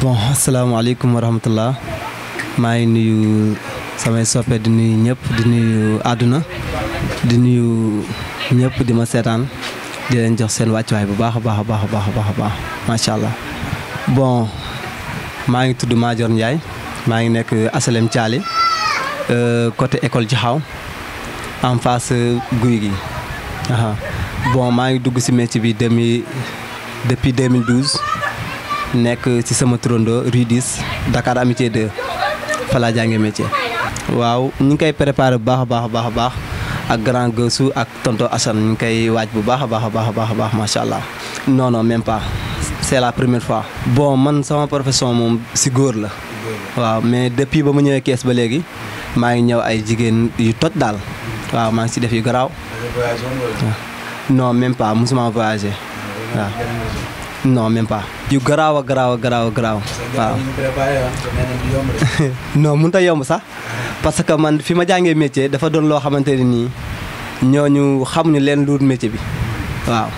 bon asalaamaaleykum wa rahmatullah maa ngi nuyu samay soppe di nuyu ñëpp di nuyu àdduna di nuyu ñëpp di ma seetaan di leen jox seen wàccuwaay bu baax a baax a baax a baax a baax macha allah bon maa ngi tudd Madior Ndiaye maa ngi nekk asalem Thiali euh, côté école Jaxaw en face guy gi bon maa ngi dugg si métier bi depuis 2012. nekk ci sama turando rue 10 Dakar Amitié 2 fa laa waaw ñu ngi koy préparé bu baax a baax baax a baax ak grand Gossou ak tonto Assane ñu ngi koy waaj bu baax a baax a baax a baax macha allah. non non même pas c'est la première fois. bon man sama profession moom si góor la. waaw mais depuis ba mu ñëwee kees ba léegi maa ngi ñëw ay jigéen yu toj daal waaw maa ngi ci def yu garaaw. non même pas musuma voyager waaw. non même pas. yu garaaw a garaaw a garaaw a garaaw. waaw a yomb sax parce que man fi ma jàngee métier dafa doon loo xamante ne nii ñooñu xamuñu leen luut métier bi waaw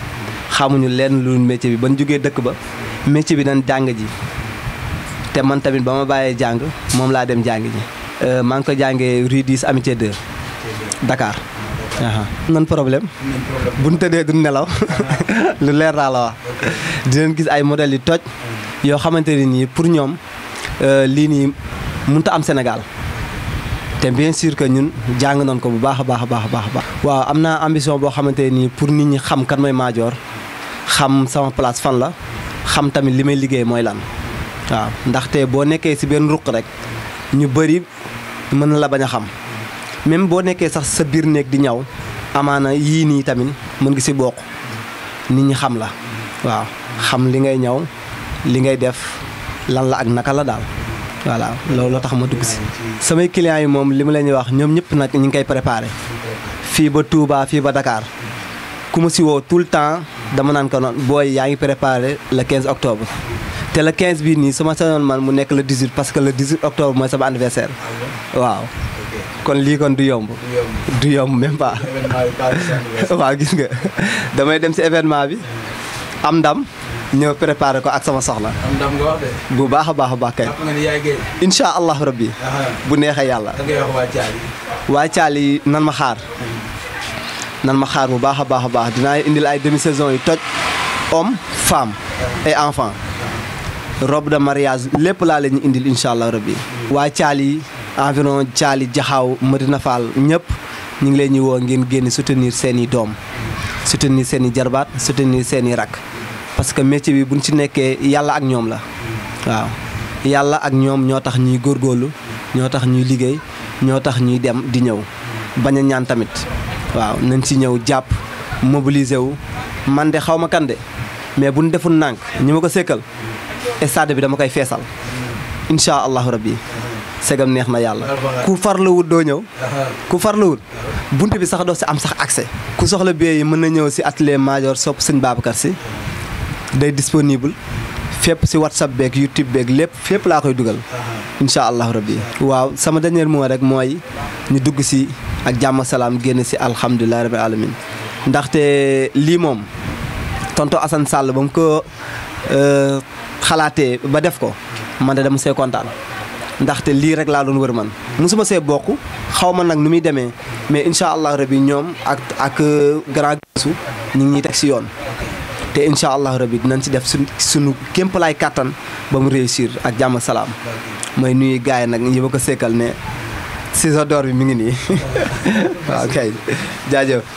xamuñu leen lu métier bi ba ñu jógee dëkk ba métier bi nan jàng ji te man tamit ba ma bàyyee jàng moom laa dem jàng ji. Euh, maa ngi ko jàngee rue 10 amitié 2 nan problème buñ tëddee duñ nelaw lu leer laa la wax dinañ gis ay modèles yu toj yoo xamante ne nii pour ñoom euh, lii nii mënut a am Sénégal te bien sûr que ñun jàng nañ ko bu baax a baax a baax a baax. waaw am naa ambition boo xamante ne nii pour nit ñi xam kan mooy Madior xam sama place fan la xam tamit li may liggéey mooy lan waaw ndaxte boo nekkee ci benn ruq rek ñu bëri mën na la bañ a xam. même boo nekkee sax sa biir néeg di ñaw amaana yii nii tamit mën ngi si bokk nit ñi xam la waaw xam li ngay ñaw li ngay def lan la ak naka la daal voilà loolu loo tax ma dugg si samay clients yi moom li ma leen wax ñoom ñëpp nag ñu ngi koy préparé fii ba Touba fii ba dakaar ku ma si woo tout le temps dama naan ko noon booy yaa ngi préparé le 15 octobre te le 15 bii nii sama sañoon man mu nekk le 18 parce que le 18 octobre mooy sama anniversaire waaw kon lii kon du yomb. du yomb même pas. waaw gis nga damay dem si événement bi am ndam. ñëw préparé ko ak sama soxla. ndam bu baax a baax a baax kay. incha allah rabbi bu neexee yàlla. da ngay nan ma xaar. nan ma xaar bu baax a baax a baax dinaa indil ay demi saison yu toj. homme femme et enfant. robe de mariage lépp laa leen ñu indil incha allah rabbi waa Thial yi. environ Thialy jaxaw Medina Fall ñëpp ñu ngi leen ñu woo ngeen génn soutenir seeni doom soutenir seen i jarbaat soutenir seeni i rakk parce que métier bu buñ ci nekkee yàlla ak ñoom la waaw yàlla ak ñoom ñoo tax ñuy góor góorlu ñoo tax ñuy liggéey ñoo tax ñuy dem di ñëw bañ a ñaan tamit waaw nañ ci ñëw jàpp mobiliser wu man de xaw ma kan de mais buñ deful nànk ñi ma ko sékkal stade bi dama koy feesal incha allahu rabbi segam neex na yàlla ku farlawut doo ñëw ku farlawut bunt bi sax doo si am sax accès ku soxla billets yi mën na ñëw si atelier Madior sopp sëñ Babacar si day fépp si whatsapp beeg youtube beeg lépp fépp laa koy dugal incha allah rabbi waaw sama dernier mooy rek mooy ñu dugg si ak jàmm salaam génn si alhamdulilah rabbil alamin ndaxte lii moom tonto asan Sall ba mu ko euh, xalaatee ba def ko man de dama see ndaxte lii rek laa doon wër man mosuma see bokk xawma nag ni muy demee mais incha allah rabi ñoom ak ak euh, grand su ñu ngi ñuy teg si yoon te incha allah rabi dinañ si def suñ suñu kémp laay kàttan ba mu réussir ak jàmm salaam may nuyu gars yi nag yi ma ko sekkal ne saison d'or bi mi ngi nii waaw kay jaajëf